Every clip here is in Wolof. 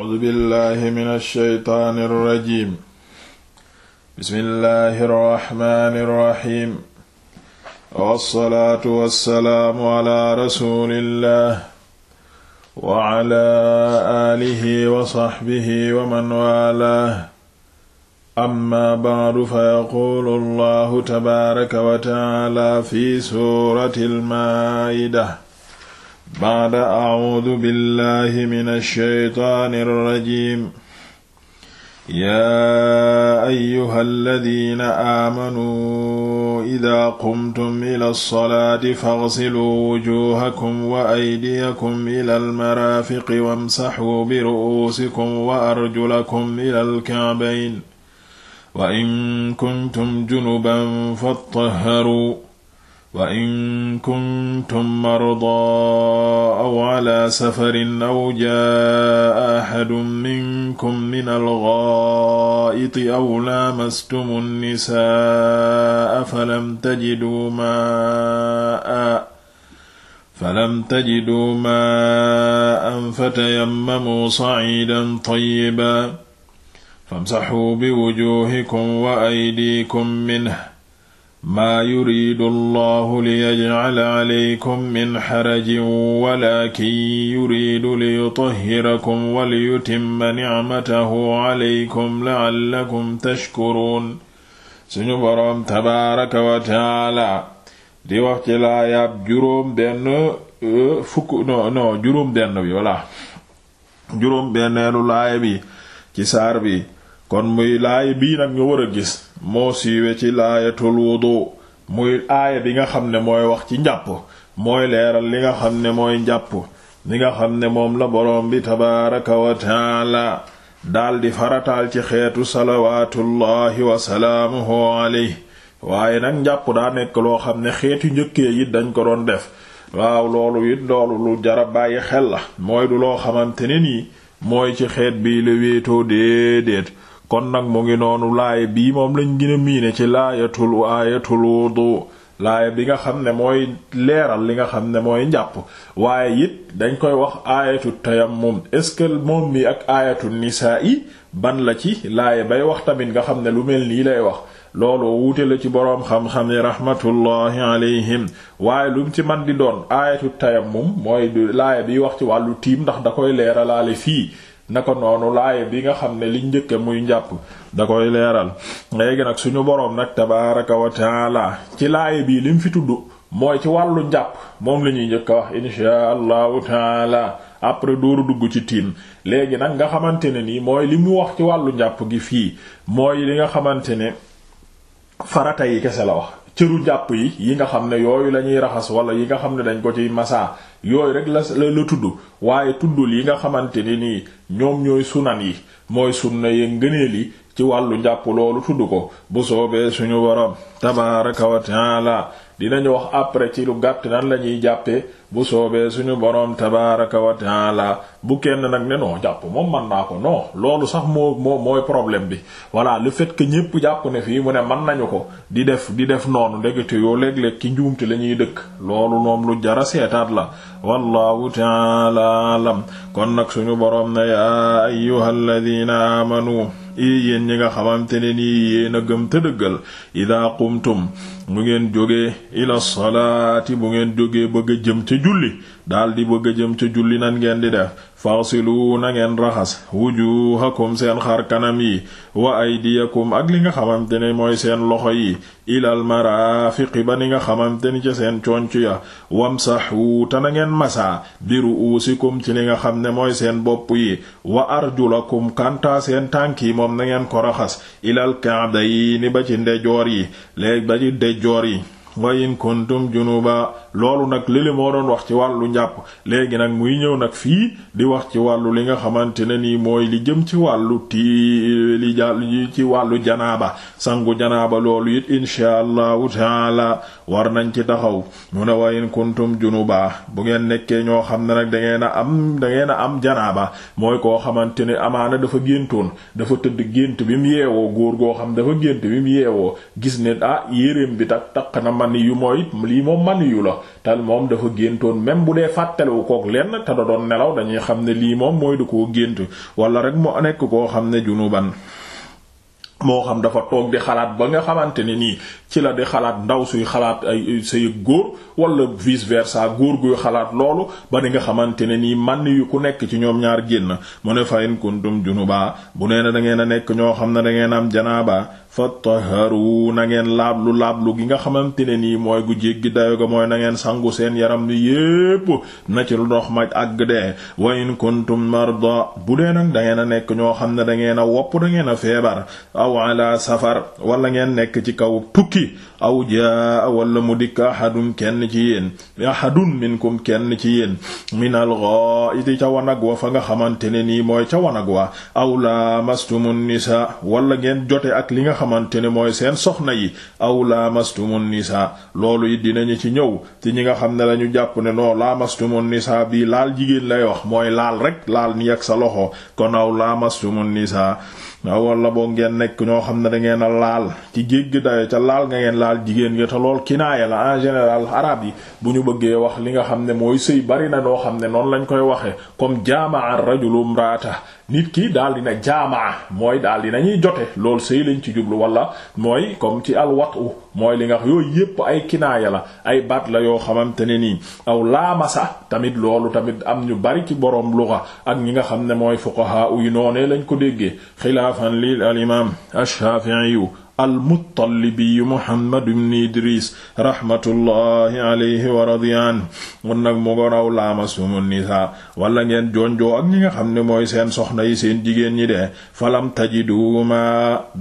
A'uuzu billaahi mina shaytaani rajiim. Bismillaahi rahmaani rahiim. Wassalaatu wassalaamu alaa rasuulillaah wa alaa aalihi wa sahbihi wa man waalaah. Amma ba'du fa yaquulu Allaahu tabaaraka wa ta'aalaa fi suuratil Maa'ida. baada acuudu billahi min alshaytaani alrajim yaa ayuha alladina aamanuu ida qumtum ila alsalaati fagsiluu wujuhakum wa aydiyakum ila almaraafiqi wamsaxuu biru'uusikum wa arjulakum ila alkacbayn wa in kuntum junuban fattaharuu wa in kuntum mardaa aw ala safarin aw jaa ahadun minkum min alghaa'iti aw lamastum an-nisaa falam tajiduu maa'an falam tajiduu maa'an fatayammamuu sa'iidan tayyiban famsahuu biwujuuhikum wa aydiikum minhu maa yuridu allahu liyajcala calaykum min xarajin walaakin yuridu liyutahhirakum waliyutimma nicmatahu calaykum lacallakum tashkuruun suñu boroom tabaaraka wa taala di wax ci laayaab juróom benn euh, fukk no no juróom benn bi walla juróom benneelu laaya bi ci saar bi kon muy laaya bii nag ñu war a gis moo siiwe ci laayatul wudu muy aaya bi nga xam ne mooy wax ci njàpp mooy leeral li nga xam ne mooy njàpp li nga xam ne moom la borom bi tabaaraka wa taala daldi faratal ci xeetu salawaatullaahi wa salaamuhu waaye nag njàpp daa nekk loo xam ne xeetu njëkkee yit dañ ko doon def waaw loolu it loolu lu jara bàyyi xel la mooy du loo xamante ne nii mooy ci xeet bii la wéetoo déedéet kon nag mu ngi noonu laaya bii moom lañ gën a miine ci laayatul aayatul wudu laaya bi nga xam ne mooy leeral li nga xam ne mooy njàpp waaye it dañ koy wax aayatu tayammum est-ce que moom mi ak aayatu nisaa yi ban la ci laaya bay wax tamit nga xam ne lu mel nii lay wax loolu wuute la ci boroom xam-xam yi rahmatullahi alayhim waaye lu ci man di doon aayatu tayammum mooy laaya biy wax ci wàllu tiim ndax da koy leeralaale fii naka noonu laaya bi nga xam ne liñ njëkke muy njàpp da koy leeral léegi nag suñu boroom nag tabaaraka wa ci laaya bii lim fi tudd mooy ci wàllu njàpp moom la ñuy njëkk a wax insha allahu taala après dooru dugg ci tiim léegi nag nga xamante ne nii mooy li mu wax ci wàllu njàpp gi fii mooy li nga xamante ne farata yi kese la wax cëru jàpp yi yi nga xam ne yooyu lañuy ñuy raxas wala yi nga xam ne dañ ko ciy masaa yooyu rek la la tudd waaye tuddul yi nga xamante ne nii ñoom ñooy sunan yi mooy sunna ye ngëneel yi ci wàllu njàpp loolu tudd ko bu soobee suñu waram tabaraka wa taala dinañu wax après ci lu gàtt nan la ñuy jàppee bu soobee suñu boroom tabaaraka wa taala bu kenn nag ne non jàpp moom mën naa ko non loolu sax moo moo mooy problème bi voilà le fait que ñépp jàpp ne fii mu ne man nañu ko di def di def noonu ndegete yoo léeg-léeg ki njuumte la ñuy dëkk loolu moom lu jara seetaat la wallahu taala alam kon nag suñu boroom na yaa ayyuhal ladina amanu i yéen ñi nga xamante ne nii yéen a gëm te dëggal ida qumtum mu ngeen jógee ila salaati bu ngeen jógee bëgg a jëm ca julli daldi bëgg a jëm ca julli nan ngeen di def fasilu na ngeen raxas wujuhakum seen xar kanam yi wa aydiyakum ak li nga xamante ne mooy seen loxo yi ilal marafiqi ba ni nga xamante ni ca seen conc ya wamsahu te na ngeen masa bi ru'usikum ci li nga xam ne mooy seen bopp yi wa arjulakum kanta seen tànk yi moom na ngeen ko raxas ilal ka'bayni ba ci ndejoor yi léegi ba ci dej joor yi wa in kuntum junuba loolu nag lili moo doon wax ci wàllu njàpp léegi nag muy ñëw nag fii di wax ci wàllu li nga xamante ne nii mooy li jëm ci wàllu ti li jàll ci wàllu janaaba sangu janaaba loolu it insha allahu taala war nañ ci taxaw mu ne wa in kuntum junuba bu ngeen nekkee ñoo xam ne nag da ngeen a am da ngeen a am janaaba mooy koo xamante ne amaana dafa géntoon dafa tëdd gént bi mu yeewoo góor goo xam dafa gént bi mu yeewoo gis ne ah yéreem bi tak na man mani yu mooy lii moom mani yu la te moom dafa géntoon même bu dee fàttalewu kook lenn te da doon nelaw dañuy xam ne lii moom mooy du koo gént wala rek mu nekk koo xam ne junuban moo xam dafa toog di xalaat ba nga xamante ne nii ci la di xalaat ndaw suy xalaat ay say góor wala vice versa góor guy xalaat loolu ba di nga xamante ne nii man yu ku nekk ci ñoom ñaar génn mu ne fayin kuntum junuba bu nee na da ngeen a nekk ñoo xam ne da ngeen am janaaba fattaharu na ngeen laablu laablu gi nga xamante ne nii mooy gu jéggi dayo ga mooy na ngeen sangu seen yaram lu yépp na ci lu ndox maj ak dee wa in kuntum marda bu dee nag da ngeen a nekk ñoo xam ne da ngeen a wopp da ngeen a feebar aw ala safar wala ngeen nekk ci kaw tukki aw jaa wala mu dikk ahadun kenn ci yéen ahadun minkum kenn ci yéen minal ghaa'iti ca wanag wa fa nga xamante ne nii mooy ca wanag wa aw lamastumun nisa wala ngeen jote ak li nga xamante ne mooy seen soxna yi aw laamastumun nisa loolu dina ñu ci ñëw te ñi nga xam ne lañu jàpp ne noo laamastumun nisa bii laal jigéen lay wax mooy laal rek laal ni ak sa loxo kon aw laamastumun nisa waaw walla boo ngeen nekk ñoo xam ne dangeen a laal ci jégg dayo ca laal nga ngeen laal jigéen nga te lool kinaaya la en général arab yi bu ñu bëggee wax li nga xam ne mooy sëy bari na noo xam ne noonu lañ koy waxe comme jaama ar rajulu imraata nit kii daal na jaamaa mooy daal dina ñuy jote loolu sëy lañ ci jublu wala mooy comme ci alwatu mooy li nga wax yooyu yépp ay kinaaya la ay baat la yoo xamante ne nii aw laamasa tamit loolu tamit am ñu bari ci boroom luga ak ñi nga xam ne mooy fuqaha yu noonee lañ ko déggee xilaafan lil al imam ash-shafi'i almuttalibi muhammad ibn idris rahmatullahi alayhi wa radiyaan mun nag mu nga raw laama sumu nisa wala ngeen jonjoo ak ñi nga xam ne mooy seen soxna yi seen jigéen ñi de falam tajiduma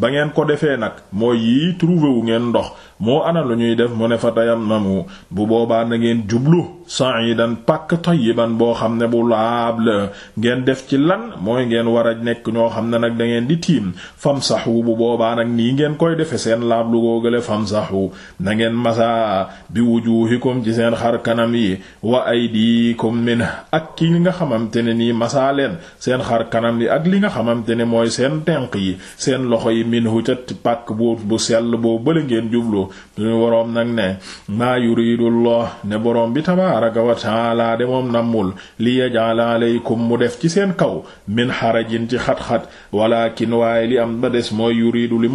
ba ngeen ko defee nag mooy yii trouvé wu ngeen ndox moo ana lu ñuy def mu ne fa tayammamu bu boobaa na ngeen jublu sa'idan pak tayyiban boo xam ne bu laab la ngeen def ci lan mooy ngeen war a nekk ñoo xam ne nag dangeen ngeen di tiim famsahu bu boobaa nag nii ngeen koy defe seen laab lu googale famsahu wu ngeen masa bi wujuhikum ci seen xar kanam yi wa aydikum min ak ki li nga xamante ne nii masaa leen seen xar kanam yi ak li nga xamante ne mooy seen tenq yi seen loxo yi minhu ca pàkk bu bu sell boo bële ngeen jublu duñu waroom nag ne maa yuridullah ne boroom bi tabaraka wa taala moom nammul li yajala alaykum mu def ci seen kaw min xarajin ci xat-xat walakin waaye li am ba des mooy yuridu li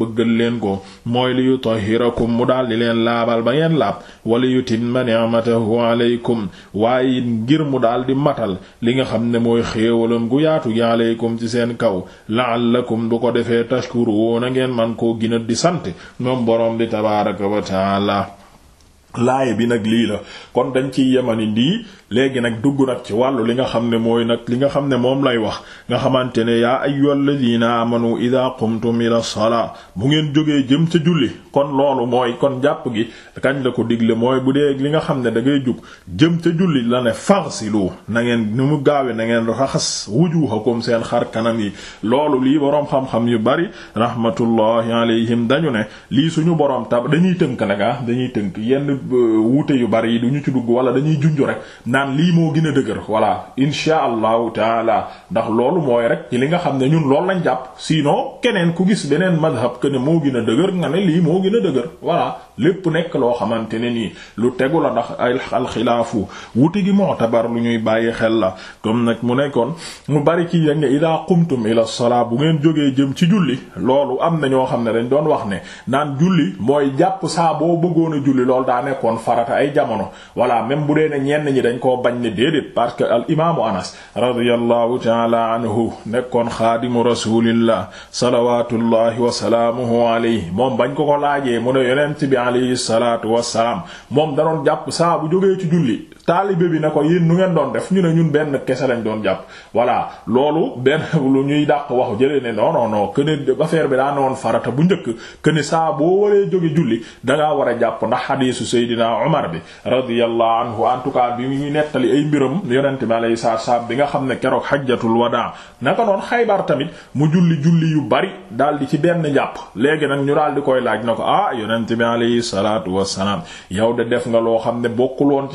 bëggal leen ko mooy li yutahhirakum mu daal di leen laabal ba ngeen laab wala yutimma ni'matahu alaykum waaye it ngir mu daal di matal li nga xam ne mooy xéewalam gu yaatu gi alaykum ci seen kaw la'allakum bu ko defee tashkuruuna ngeen man koo gina di sant moom boroom di tabaaraka wa laaye bi nag lii la kon dañ ciy yemani ndii léegi nag dugg nag ci wàllu li nga xam ne mooy nag li nga xam ne moom lay wax nga xamante ne yaa ayyuhal ladina amanu idha qumtum ila salaa bu ngeen jógee jëm ca julli kon loolu mooy kon jàpp gi kañ la ko digle mooy bu dee li nga xam ne da ngay jug jëm ca julli la ne farsilu na ngeen ni mu gaawe na ngeen raxas wujuhakum seen xar kanam yi loolu lii boroom xam-xam yu bari rahmatullahi alayhim dañu ne lii suñu boroom tab dañuy tënk nag ah dañuy tënk yenn euh, wuute yu bari yi duñu ci dugg wala dañuy junju rek naan lii moo gin a dëgër voilà insha allahu taala ndax loolu mooy rek ci li nga xam ne ñun loolu lañ jàpp sinon keneen ku gis beneen madhab que ne moo gën a dëgër nga ne lii moo gën a dëgër voilà lépp nekk loo xamante ne nii lu tegu la ndax alxilaafu wuti gi moo mu'tabar lu ñuy bàyyi xel la kon nag mu nekkoon mu bari ci yenge idaa qumtum ila salaa bu ngeen jógee jëm ci julli loolu am na ñoo xam ne dañ doon wax ne naan julli mooy jàpp saa boo bëggoon a julli lool daa nekkoon farata ay jamono wala même bu dee na ñenn ñi dañ koo bañ ne déedéet parce que al imaamu anas radiyallahu ta'ala anhu nekkoon xaadimu rasulillah salawatullahi wa salaamuhu alayhi moom bañ ko ko alayhi salaatu wassalaam moom da jàpp saa bu jógee ci julli taalibe bi ne ko yéen nu ngeen doon def ñu ne ñun benn kese lañ doon jàpp voilà loolu benn lu ñuy dàq wax jëlee ne non non non que bi daa ne woon farata bu njëkk que ne saa boo waree jóge julli dangaa war a jàpp ndax xadiisu Seydina Omar bi radiyallahu anhu en tout cas bi ñuy nettali ay mbiram yonent bi alayhi bi nga xam ne keroog xajjatul wadaa naka noon Xaybar tamit mu julli julli yu bari daal di ci benn jàpp léegi nag ñu daal di koy laaj na ko ah yonent bi alayhi salaatu wassalaam yow de def loo xam ne bokkul woon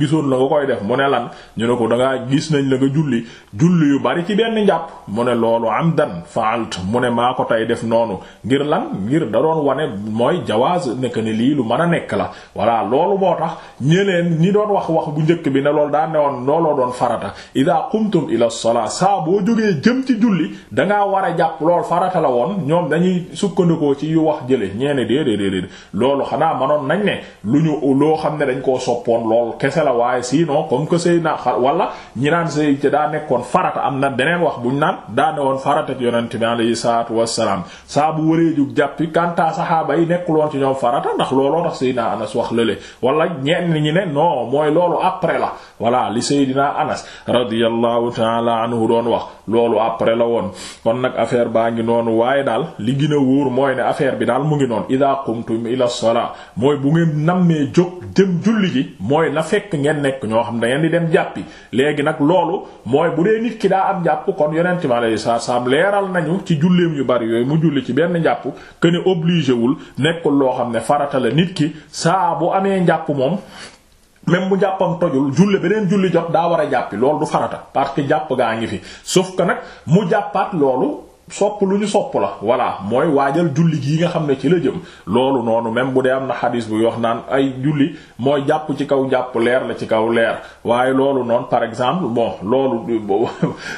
gisoon la nga koy def mu ne lan ñu ne ko dangaa gis nañ la nga julli julli yu bari ci benn njàpp mu ne loolu am dan faalt mu ne maa ko tey def noonu ngir lan ngir da doon wane mooy jawaaz nekk ne lii lu mën a nekk la voilà loolu boo tax ñeneen ñi doon wax wax bu njëkk bi ne loolu daa newoon looloo doon farata ida qumtum ila salaa saa boo jógee jëm ci julli dangaa war a jàpp lool farata la woon ñoom dañuy sukkandikoo ci yu wax jële ñeene déedéedéedéed loolu xanaa manoon la waaye sinon comme que Seydina xar wala ñi naan say daa nekkoon farata am na beneen wax buñ naan daa newoon farata ci yonent bi alayhi salaatu wassalaam saa bu waree jug jàppi kanta saxaaba yi nekkuloon ci ñoom farata ndax looloo tax Seydina Anas wax lële wala ñenn ñi ne non mooy loolu après la voilà li Seydina Anas radiyallahu ta'ala anhu doon wax loolu après la woon kon nag affaire baa ngi noonu waaye daal li gën a wóor mooy ne affaire bi daal mu ngi noonu ida qumtum ngeen nekk ñoo xam da ngeen di dem jàppi léegi nag loolu mooy bu dee nit ki daa am jàpp kon yonent mi alayhi salaatu salaam leeral nañu ci julleem yu bari yooyu mu julli ci benn jàpp que ne obligé wul nekkul loo xam ne farata la nit ki saa bu amee njàpp moom. même bu jàppam tojul julle beneen julli jot daa war a jàppi loolu du farata parce que jàpp gaa ngi fi suuf que nag mu jàppaat loolu sopp lu ñu sopp la voilà mooy waajal julli gi nga xam ne ci la jëm loolu noonu même bu dee am na xadis bu wax naan ay julli mooy jàpp ci kaw jàpp leer la ci kaw leer waaye loolu noonu par exemple bon loolu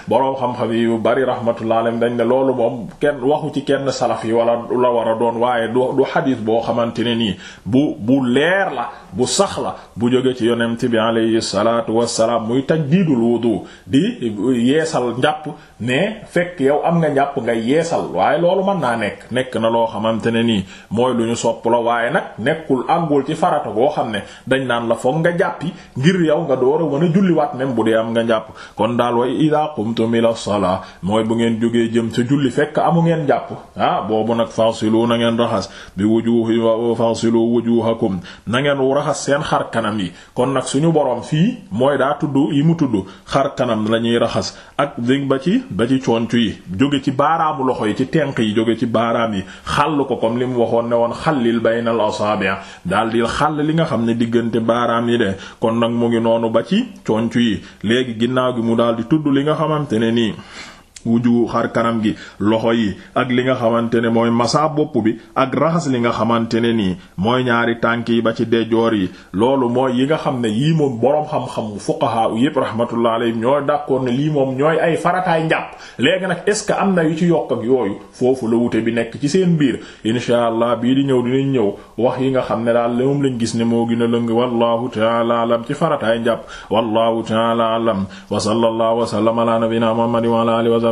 boroom xam-xam yu bari rahmatullah alayhi dañ ne loolu moom kenn waxu ci kenn salaf yi wala la war a doon waaye du du boo xamante ne nii bu bu leer la bu sax la bu jógee ci yonent bi alayhi salaatu wassalaam muy tajdiidul wudu di yeesal njàpp ne fekk yow am nga njàpp nga yeesal waaye loolu mën naa nekk nekk na loo xamante ne nii mooy lu ñu sopp la waaye nag nekkul àggul ci farata goo xam ne dañ daan la foog nga jàpp ngir yow nga door a wan a julliwaat même bu dee am nga jàpp kon daal way ida mi ila salaa mooy bu ngeen jógee jëm sa julli fekk amu ngeen jàpp ah boobu nag fasilu na ngeen raxas bi wujuhi wa fasilu wujuhakum na ngeen raxas seen xar kanam yi kon nag suñu boroom fii mooy daa tudd yi mu tudd xar kanam lañuy raxas baaraamu loxo yi ci tenq yi jóge ci baaraam yi xàll ko comme li mu waxoon ne woon xallil baynal asabi' daal di xàll li nga xam ne diggante baaraam yi de kon nag mu ngi noonu ba ci concu yi léegi ginnaaw gi mu daal di tudd li nga xamante ne nii wuju xar kanam gi loxo yi ak li nga xamante ne mooy masaa bopp bi ak raxas li nga xamante ne nii mooy ñaari tànk yi ba ci dejoor yi loolu mooy yi nga xam ne yii moom boroom xam-xam fuqaha yépp rahmatullah alayhim ñooy d'accord ne lii moom ñooy ay farataay njàpp léegi nag est ce que am na yu ci yokk ak yooyu foofu la wute bi nekk ci seen biir insha allah bii di ñëw dinañ ñëw wax yi nga xam ne daal moom lañ gis ne moo gën a lëng wallahu taala ci farataay wa sallallahu wa sallama ala nabina muhammad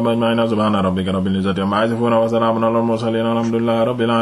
ajma'iin subhaana rabbika rabbil izzati amma yasifuun wa salaamun alal mursaliin walhamdulillahi rabbil aalamiin